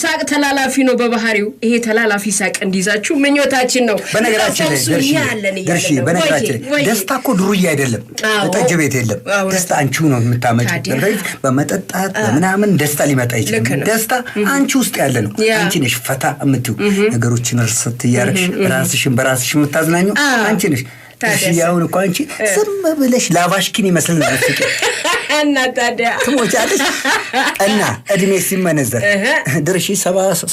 ሳቅ ተላላፊ ነው በባህሪው። ይሄ ተላላፊ ሳቅ እንዲይዛችሁ ምኞታችን ነው። በነገራችን ደርሺ በነገራችን ደስታ እኮ ዱርዬ አይደለም፣ ጠጅ ቤት የለም። ደስታ አንቺ ነው የምታመጭ። በመጠጣት በምናምን ደስታ ሊመጣ ይችላል። ደስታ አንቺ ውስጥ ያለ ነው። አንቺ ነሽ ፈታ የምትዩ ነገሮችን እርስት እያረግሽ ራስሽን በራስሽ የምታዝናኙ አንቺ ነሽ። ያሁን እኮ አንቺ ዝም ብለሽ ላቫሽኪን ይመስል ነው እና ታዲያ ትሞቻለሽ። እና እድሜ ሲመነዘር ድርሺ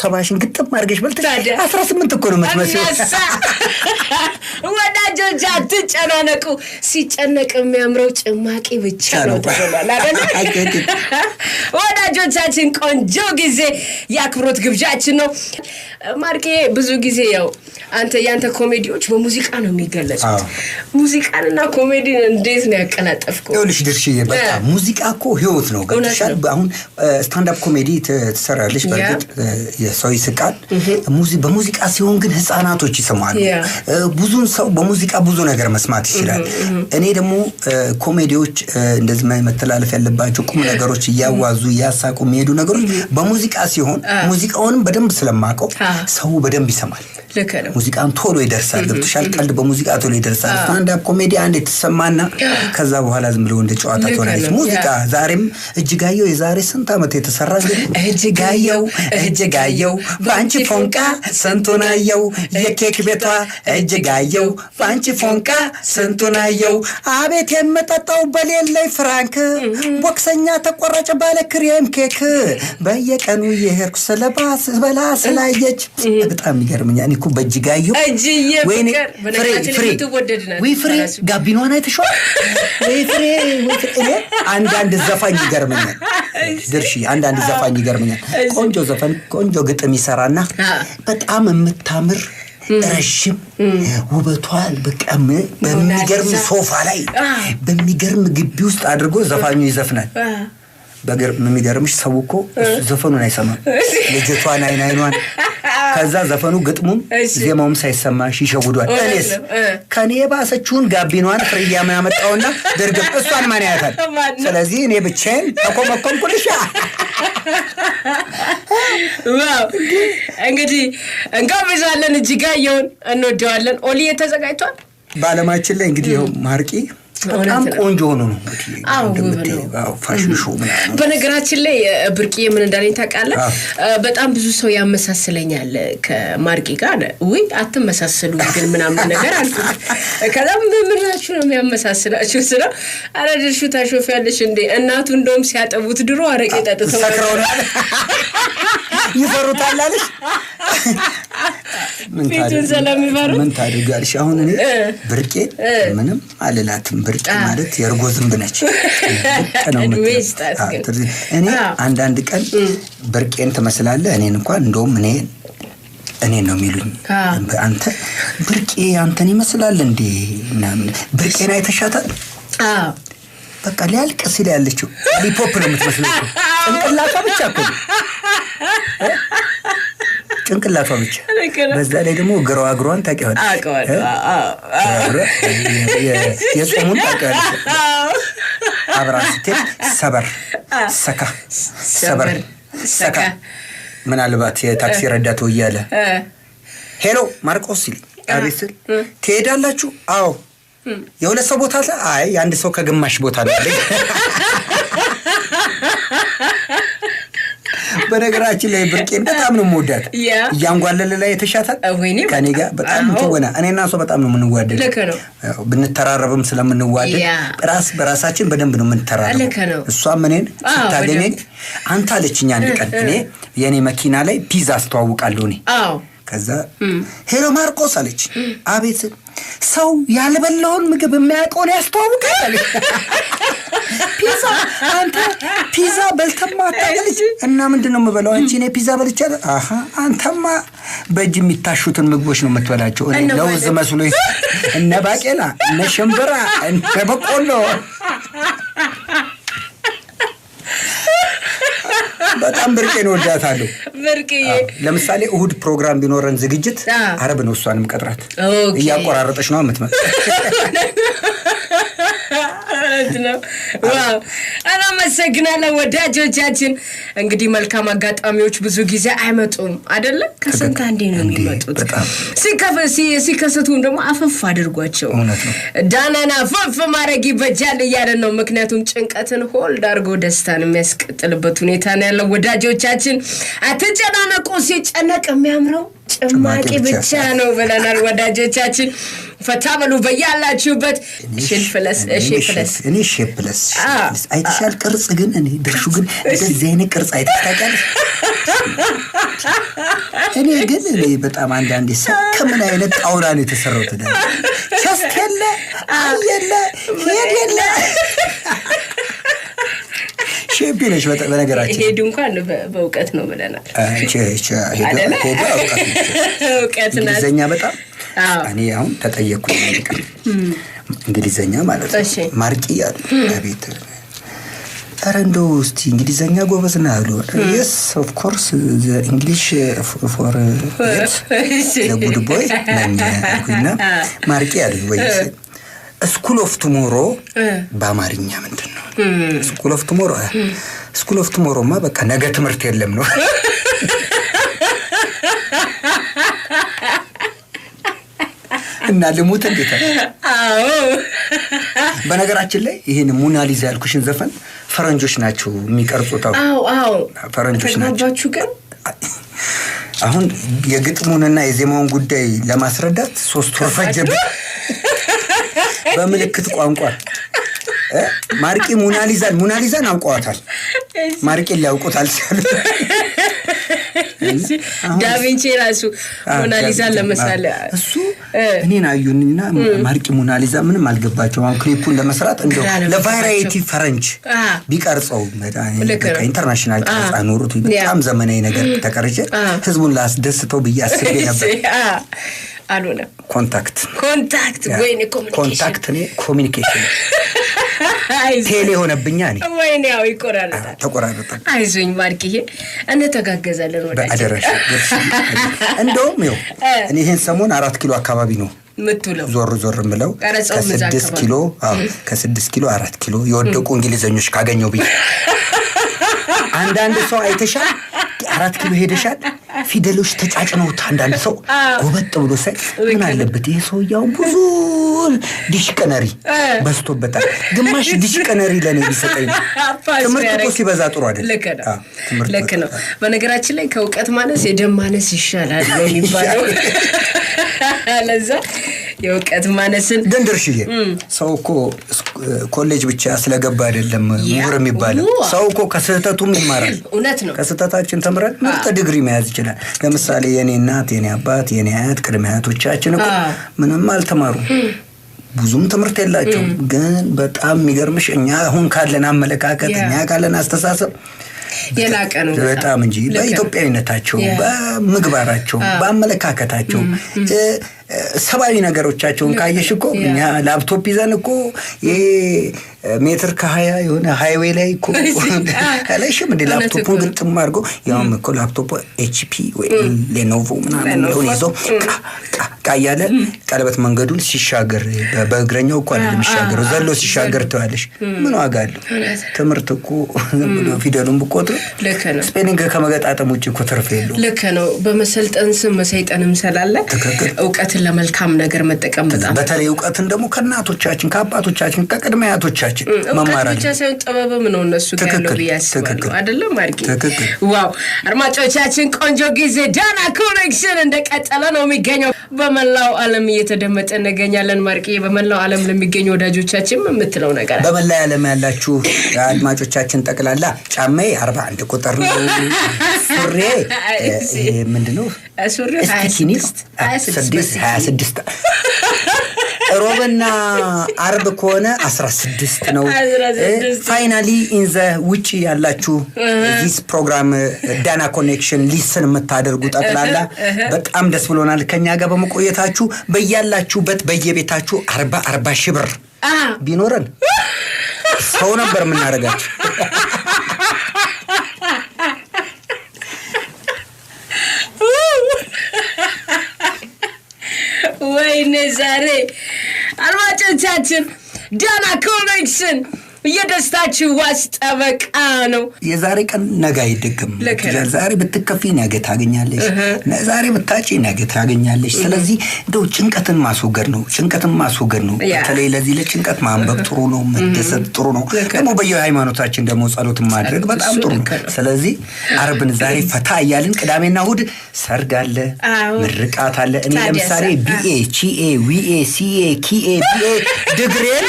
ሰባሽን ግጥም አድርገሽ በልተሽ አስራ ስምንት እኮ ነው የምትመስለው። ወዳጆች አትጨናነቁ። ሲጨነቅ የሚያምረው ጭማቂ ብቻ ነው ተብሏል። ወዳጆቻችን ቆንጆ ጊዜ የአክብሮት ግብዣችን ነው። ማርቄ ብዙ ጊዜ ያው አንተ ያንተ ኮሜዲዎች በሙዚቃ ነው የሚገለጹት። ሙዚቃንና ኮሜዲን እንዴት ነው ያቀላጠፍኩ? ይኸውልሽ ድርሽዬ በጣም ሙዚቃ እኮ ህይወት ነው። ገብተሻል? አሁን ስታንዳፕ ኮሜዲ ትሰራለች። በእርግጥ የሰው ይስቃል። በሙዚቃ ሲሆን ግን ህፃናቶች ይሰማሉ። ብዙን ሰው በሙዚቃ ብዙ ነገር መስማት ይችላል። እኔ ደግሞ ኮሜዲዎች እንደዚህ መተላለፍ ያለባቸው ቁም ነገሮች እያዋዙ እያሳቁ የሚሄዱ ነገሮች በሙዚቃ ሲሆን ሙዚቃውንም በደንብ ስለማውቀው ሰው በደንብ ይሰማል። ሙዚቃን ቶሎ ይደርሳል። ገብቶሻል? ቀልድ በሙዚቃ ቶሎ ይደርሳል። አንድ ኮሜዲ አንድ የተሰማና ከዛ በኋላ ዝም ብሎ እንደ ጨዋታ ትሆናለች ሙዚቃ። ዛሬም እጅጋየው የዛሬ ስንት ዓመት የተሰራ እጅጋየው እጅጋየው በአንቺ ፎንቃ ስንቱናየው የኬክ ቤቷ እጅጋየው በአንቺ ፎንቃ ስንቱናየው አቤት የምጠጣው በሌለይ ፍራንክ ቦክሰኛ ተቆራጭ ባለ ክሬም ኬክ በየቀኑ የሄድኩ ስለባስ ስበላ ስላየች በጣም ይገርመኛል። እኮ በእጅ እጅዬ ፍሬ ጋቢኗን አይተሽዋል? ወይ አንዳንድ ዘፋኝ ይገርመኛል። ድርሺ አንዳንድ ዘፋኝ ይገርመኛል። ቆንጆ ዘፈን ቆንጆ ግጥም ይሰራና በጣም የምታምር ረዥም ውበቷ በቀም በሚገርም ሶፋ ላይ በሚገርም ግቢ ውስጥ አድርጎ ዘፋኙ ይዘፍናል። በሚገርምሽ ሰው እኮ ዘፈኑን አይሰማም። ልጅቷን አይን አይኗን ከዛ ዘፈኑ ግጥሙም ዜማውም ሳይሰማሽ ይሸውዷል። እኔስ ከኔ የባሰችውን ጋቢኗን ፍርያ ምናመጣውና ድርግም እሷን ማን ያታል? ስለዚህ እኔ ብቻዬን ተኮመኮምኩልሻ። እንግዲህ እንጋብዛለን። እጅጋየውን እንወደዋለን። ኦሊ ተዘጋጅቷል። በአለማችን ላይ እንግዲህ ማርቂ በጣም ቆንጆ ሆኖ ነው እንግዲህ ፋሽን ሾው ምናምን። በነገራችን ላይ ብርቅዬ ምን እንዳለኝ ታውቃለህ? በጣም ብዙ ሰው ያመሳስለኛል ከማርቄ ጋር። ውይ አትመሳሰሉ ግን ምናምን ነገር አልኩ። ከዛም በምድራችሁ ነው የሚያመሳስላችሁ ስለው ኧረ ድርሹ ታሾፊያለሽ እንዴ? እናቱ እንደውም ሲያጠቡት ድሮ አረቄ ጠጥተው ይፈሩታል አለሽ። ቤቱን ስለሚፈሩት ምን ታደርጋለሽ? አሁን እኔ ብርቄ ምንም አልላትም። ፍርጭ ማለት የእርጎ ዝንብ ነች። እኔ አንዳንድ ቀን ብርቄን ትመስላለህ። እኔን እንኳን እንደውም እኔ እኔ ነው የሚሉኝ። አንተ ብርቄ አንተን ይመስላል እንዴ? ብርቄን አይተሻታል? በቃ ሊያልቅ ሲል ያለችው ሊፖፕ ነው የምትመስለው። ጭንቅላቷ ብቻ እኮ ጭንቅላቷ ብቻ። በዛ ላይ ደግሞ እግሯ እግሯን ታውቂዋለሽ፣ የጾሙን አብራ ስትሄድ ሰበር ሰካ፣ ሰበር ሰካ። ምናልባት የታክሲ ረዳት እያለ ሄሎ ማርቆስ ሲል አቤት ስል ትሄዳላችሁ? አዎ የሁለት ሰው ቦታ አይ፣ የአንድ ሰው ከግማሽ ቦታ ነው በነገራችን ላይ ብርቄን በጣም ነው የምወዳት። እያንጓለለ ላይ የተሻታል ከኔ ጋር በጣም ትወና እኔ እና እሷ በጣም ነው የምንዋደድ። ብንተራረብም ስለምንዋደድ ራስ በራሳችን በደንብ ነው የምንተራረበው። እሷ እኔን ስታገኘኝ አንተ አለችኝ አንድ ቀን እኔ የእኔ መኪና ላይ ፒዛ አስተዋውቃለሁ እኔ ከዛ ሄሎ ማርቆስ አለች። አቤት ሰው ያልበላውን ምግብ የሚያውቀውን ያስተዋውቃል። ፒዛ አንተ በልተማ አታውቅልሽ። እና ምንድን ነው የምበላው? አንቺ እኔ ፒዛ በልቻለ። አሀ አንተማ በእጅ የሚታሹትን ምግቦች ነው የምትበላቸው። እኔ ለውዝ መስሎ እነ ባቄላ፣ እነ ሽምብራ፣ እነ በቆሎ በጣም ብርቄን እወዳታለሁ። ብርቅዬ ለምሳሌ እሁድ ፕሮግራም ቢኖረን ዝግጅት አረብ ነው። እሷንም ቀጥራት እያቆራረጠች ነው የምትመጣ አመሰግናለሁ ወዳጆቻችን። እንግዲህ መልካም አጋጣሚዎች ብዙ ጊዜ አይመጡም አይደለም ከስንት አንዴ ነው የሚመጡት። ሲከሰቱም ደግሞ አፈፍ አድርጓቸው ዳናና አፈፍ ማድረግ ይበጃል እያለን ነው። ምክንያቱም ጭንቀትን ሆልድ አድርጎ ደስታን የሚያስቀጥልበት ሁኔታ ነው ያለው። ወዳጆቻችን አትጨናነቁ፣ ሲጨነቅ የሚያምረው ጭማቂ ብቻ ነው ብለናል ወዳጆቻችን። ፈታ በሉ በያላችሁበት። እኔ ሼፕለስ አይተሻል። ቅርጽ ግን እኔ ደሹ ግን እንደዚህ አይነት ቅርጽ አይተሽ ታውቂያለሽ? እኔ ግን እኔ በጣም አንዳንዴ ሰው ከምን አይነት ጣውላ ነው የተሰራው? ትደ የለ የለ ሄድ የለ ሼፕ ነች። በነገራችን ሄዱ እንኳን በእውቀት ነው ብለናል። ሄዱ እውቀት ነው እውቀት በጣም እኔ አሁን ተጠየቅኩ እንግሊዘኛ ማለት ነው ማርቂ ያሉ ቤት ኧረ እንደው እስቲ እንግሊዘኛ ጎበዝ ና አሉ የስ ኦፍኮርስ እንግሊሽ ፎር ጉድ ቦይ ነኝና ማርቂ አሉ ወይ ስኩል ኦፍ ቱሞሮ በአማርኛ ምንድን ነው? ስኩል ኦፍ ቱሞሮ ስኩል ኦፍ ቱሞሮማ በቃ ነገ ትምህርት የለም ነው እና ልሙት እንዴት አዎ በነገራችን ላይ ይህን ሙናሊዛ ያልኩሽን ዘፈን ፈረንጆች ናቸው የሚቀርጹት ፈረንጆች ናቸው ግን አሁን የግጥሙንና የዜማውን ጉዳይ ለማስረዳት ሶስት ወር ፈጀብኝ በምልክት ቋንቋ ማርቂ ሙናሊዛን ሙናሊዛን አውቀዋታል ማርቂን ሊያውቁት አልቻሉ ዳቪንቺ ራሱ ሞናሊዛን ለመሳሌ እሱ እኔን አዩኝና ማርቂ ሞናሊዛ ምንም አልገባቸው። አሁን ክሊፑን ለመስራት እንደ ለቫራይቲ ፈረንች ቢቀርጸው ኢንተርናሽናል ቀርጻ ኖሩት በጣም ዘመናዊ ነገር ተቀርጬ ህዝቡን ላስደስተው ብዬ አስቤ ነበር። አልሆነም። ኮንታክት ኮንታክት ወይ ኮንታክት ኮሚኒኬሽን ቴሌ ሆነብኛ። ወይኔ ያው ይቆራረጣል፣ ተቆራረጣል። አይዞኝ ማርክዬ፣ እንተጋገዛለን። ወደ አደራሽ እንደውም ይኸው እኔ ይህን ሰሞን አራት ኪሎ አካባቢ ነው ምትለው ዞር ዞር ምለው ከስድስት ኪሎ ከስድስት ኪሎ አራት ኪሎ የወደቁ እንግሊዘኞች ካገኘው ብዬ አንዳንድ ሰው አይተሻል አራት ኪሎ ሄደሻል። ፊደሎች ተጫጭነውት አንዳንድ ሰው ጎበጥ ብሎ ሳይ ምን አለበት ይህ ሰውያው ብዙ ዲሽቀነሪ በዝቶበታል። ግማሽ ዲሽቀነሪ ለእኔ ቢሰጠኝ ትምህርት እኮ ሲበዛ ጥሩ አይደል? ልክ ነው። በነገራችን ላይ ከእውቀት ማነስ የደም ማነስ ይሻላል ነው የሚባለው ለዛ የእውቀት ማነስን ግን ድርሽዬ ሰው እኮ ኮሌጅ ብቻ ስለገባ አይደለም ምሁር የሚባለው። ሰው እኮ ከስህተቱም ይማራል። እውነት ነው። ከስህተታችን ተምረን ምርጥ ዲግሪ መያዝ ይችላል። ለምሳሌ የኔ እናት፣ የኔ አባት፣ የኔ አያት፣ ቅድመ አያቶቻችን እኮ ምንም አልተማሩም። ብዙም ትምህርት የላቸውም። ግን በጣም የሚገርምሽ እኛ አሁን ካለን አመለካከት እኛ ካለን አስተሳሰብ የላቀ ነው በጣም እንጂ በኢትዮጵያዊነታቸው፣ በምግባራቸው፣ በአመለካከታቸው ሰብአዊ ነገሮቻቸውን ካየሽ እኮ እኛ ላፕቶፕ ይዘን እኮ ይሄ ሜትር ከሀያ የሆነ ሃይዌይ ላይ እኮ አላይሽም እንደ ላፕቶፑን ግልጥም አድርጎ ያውም እኮ ላፕቶፑ ኤችፒ ወይ ሌኖቮ ምናምን ይዞ ቃ ቃ እያለ ቀለበት መንገዱን ሲሻገር በእግረኛው እኮ አለ የሚሻገረው ዘሎ ሲሻገር ትዋለሽ። ምን ዋጋ አለው? ትምህርት እኮ ፊደሉን ብቆጥሩ ስፔሊንግ ከመገጣጠም ውጭ እኮ ትርፍ የለውም። ልክ ነው። በመሰልጠን ስም መሰይጠንም ስላለ እውቀትን ለመልካም ነገር መጠቀም በጣም በተለይ እውቀትን ደግሞ ከእናቶቻችን ከአባቶቻችን ከቅድመ አያቶቻችን መማር ብቻ ሳይሆን ጥበብም ነው እነሱ ያለው ብዬ አስባለሁ። አይደለም አድርጌ ዋው አድማጮቻችን፣ ቆንጆ ጊዜ ዳና ኮኔክሽን እንደቀጠለ ነው የሚገኘው። በመላው ዓለም እየተደመጠ እንገኛለን። ማርቄ በመላው ዓለም ለሚገኙ ወዳጆቻችን የምትለው ነገር በመላ ዓለም ያላችሁ አድማጮቻችን ጠቅላላ ጫማዬ አርባ አንድ ቁጥር ነው። ሱሬ ምንድነው? ሱሬ ስድስት ሀያ ስድስት ሮብና አርብ ከሆነ 16 ነው። ፋይናሊ ኢንዘ ውጭ ያላችሁ ዚስ ፕሮግራም ዳና ኮኔክሽን ሊስን የምታደርጉ ጠቅላላ በጣም ደስ ብሎናል ከኛ ጋር በመቆየታችሁ። በያላችሁበት በየቤታችሁ አርባ አርባ ሺህ ብር ቢኖረን ሰው ነበር የምናደርጋችሁ። ወይኔ ዛሬ and watch attention. Dana Coolingson. የደስታችሁ ዋስ ጠበቃ ነው። የዛሬ ቀን ነገ አይደግም። ዛሬ ብትከፊ ነገ ታገኛለሽ፣ ዛሬ ብታጪ ነገ ታገኛለሽ። ስለዚህ እንደው ጭንቀትን ማስወገድ ነው፣ ጭንቀትን ማስወገድ ነው። በተለይ ለዚህ ለጭንቀት ማንበብ ጥሩ ነው፣ መደሰት ጥሩ ነው። ደግሞ በየሃይማኖታችን ደግሞ ጸሎትን ማድረግ በጣም ጥሩ ነው። ስለዚህ አርብን ዛሬ ፈታ እያልን ቅዳሜና እሑድ ሰርግ አለ፣ ምርቃት አለ። እኔ ለምሳሌ ቢኤ ቺኤ ዊኤ ሲኤ ኪኤ ቢኤ ድግሬን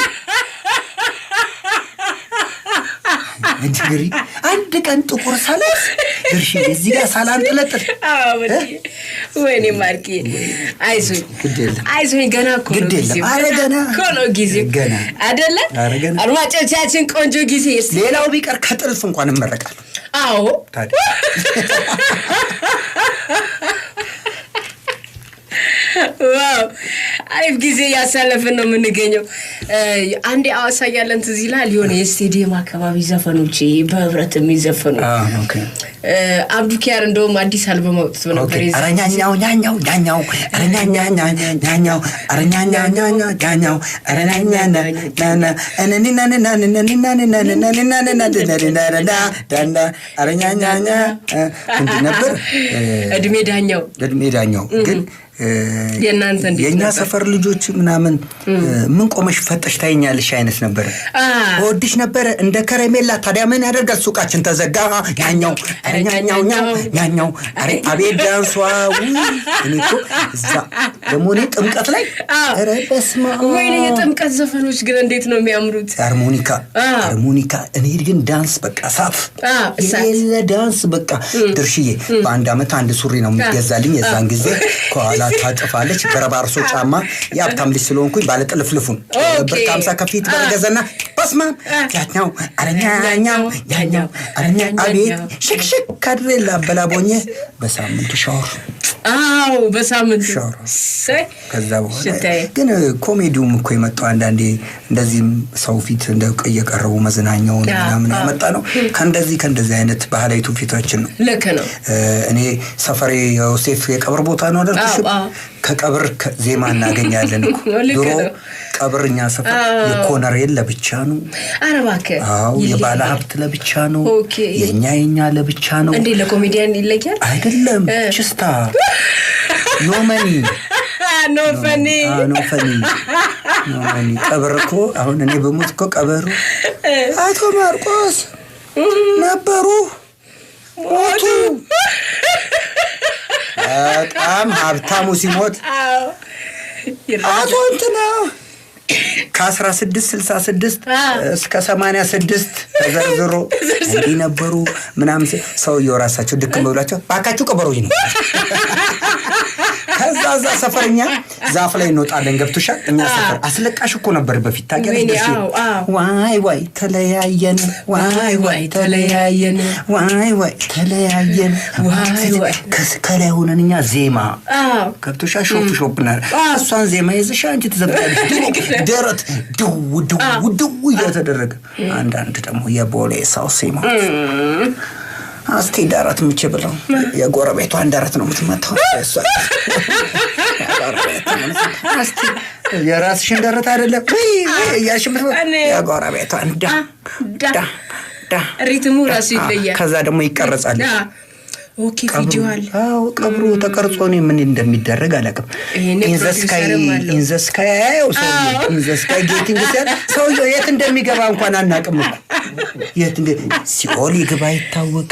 ግሪ አንድ ቀን ጥቁር ሳላስ ድርሽ እዚህ ጋር ሰላም ጥለጥል ወይኔ ማርኪ አይዞኝ አይዞኝ ገና ነው ጊዜ ገና አደለ አድማጮቻችን ቆንጆ ጊዜ ሌላው ቢቀር ከጥልፍ እንኳን እመረቃለሁ አዎ ዋው አሪፍ ጊዜ እያሳለፍን ነው የምንገኘው አንድ አዋሳ እያለን ትዝ ይልሃል የሆነ የስቴዲየም አካባቢ ዘፈኖች በህብረት የሚዘፈኑ አብዱኪያር እንደውም አዲስ አልበም አውጥቶ ነበር። አረኛኛው ኛኛው ኛኛው ምናምን ምን ቆመሽ ፈጠሽ ታይኛለሽ አይነት ነበር። ወድሽ ነበረ እንደ ከረሜላ። ታዲያ ምን ያደርጋል? ሱቃችን ተዘጋ። ያኛው ኛኛው ኛኛው አቤት ዳንሷ! እዛ ደግሞ እኔ ጥምቀት ላይ ኧረ የጥምቀት ዘፈኖች ግን እንዴት ነው የሚያምሩት! ሃርሞኒካ ሃርሞኒካ። እኔ ግን ዳንስ በቃ ሳፍ የሌለ ዳንስ በቃ ድርሽዬ። በአንድ ዓመት አንድ ሱሪ ነው የሚገዛልኝ። የዛን ጊዜ ከኋላ ታጥፋለች በረባርሶ ጫማ የሀብታም ልጅ ስለሆንኩኝ ባለጥልፍልፉን ነበር ከሀምሳ ከፊት በረገዘና በስማ ያኛው አረኛኛው ያኛው አረኛ አቤት ሽክሽክ ካድሬ ላበላቦኘ በሳምንቱ ሻወር አዎ በሳምንቱ ሻወር ከዛ በኋላ ግን ኮሜዲውም እኮ የመጣው አንዳንዴ እንደዚህም ሰው ፊት እንደ እየቀረቡ መዝናኛውን ምናምን ያመጣ ነው ከእንደዚህ ከእንደዚህ አይነት ባህላዊ ትውፊታችን ነው ልክ ነው እኔ ሰፈሬ ዮሴፍ የቀብር ቦታ ነው አደርኩሽ ከቀብር ዜማ እናገኛለን ድሮ ቀብርኛ እኛ ሰፈር የኮነሬል ለብቻ ነው። ኧረ እባክህ! አዎ የባለ ሀብት ለብቻ ነው። የእኛ የኛ ለብቻ ነው። እንዴ ለኮሜዲያን ይለያል አይደለም። ችስታ ኖመኒ ኖፈኒ ኖፈኒ ኖመኒ ቀብር እኮ አሁን እኔ በሞት እኮ ቀበሩ አቶ ማርቆስ ነበሩ ሞቱ። በጣም ሀብታሙ ሲሞት አቶ እንትና ከ1666 እስከ 86 ተዘርዝሮ እንዲነበሩ ምናምን። ሰውየው ራሳቸው ድክም ብሏቸው ባካችሁ ቅበሩኝ ነው። እዛ እዛ ሰፈር ዛፍ ላይ እንወጣለን። ገብቶሻል? እኛ ሰፈር አስለቃሽ እኮ ነበር በፊት ታውቂያለሽ። ዋይ ዋይ ተለያየን፣ ዋይ ዋይ ተለያየን፣ ዋይ ዋይ ተለያየን። ከላይ ሆነን እኛ ዜማ ገብቶሻል? ሾፕ ሾፕ ና እሷን ዜማ የዘሻ አንቺ ትዘብታለሽ። ደረት ድው ድው ድው እየተደረገ አንዳንድ ደግሞ የቦሌ ሰው ሴማ አስቲ ዳራት ምች ብለው የጎረቤቷን አንዳራት ነው የምትመታው። የራስሽን ደረት አይደለም እያልሽ የጎረቤቷን ዳ ዳ ሪትሙ ራሱ ይለያል። ከዛ ደግሞ ይቀረጻል። ኦኬ ቀብሩ ተቀርጾ ነው። ምን እንደሚደረግ አላውቅም። ኢንዘስካይ ኢንዘስካይ አያው ሰው ኢንዘስካይ ጌቲንግ ሲያል ሰውዬው የት እንደሚገባ እንኳን አናውቅም። የት ሲኦል ይግባ ይታወቅ፣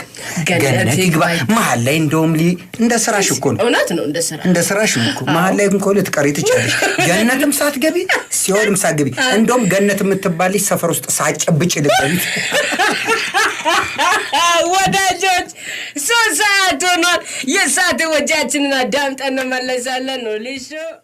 ገነት ይግባ መሀል ላይ እንደውም ሊ እንደ ስራሽ እኮ ነው። እውነት ነው፣ እንደ ስራ እንደ ስራሽ እኮ መሀል ላይ እንኳን ልትቀሪ ትችላለሽ። ገነትም ሳትገቢ ሲኦልም ሳትገቢ፣ እንደውም ገነት የምትባል ሰፈር ውስጥ ሳጨብጭ ልትገቢ ወዳጆች ሶስት ሰዓት ሆኗል። የሰዓት ወጃችንን አዳምጠን እንመለሳለን ነው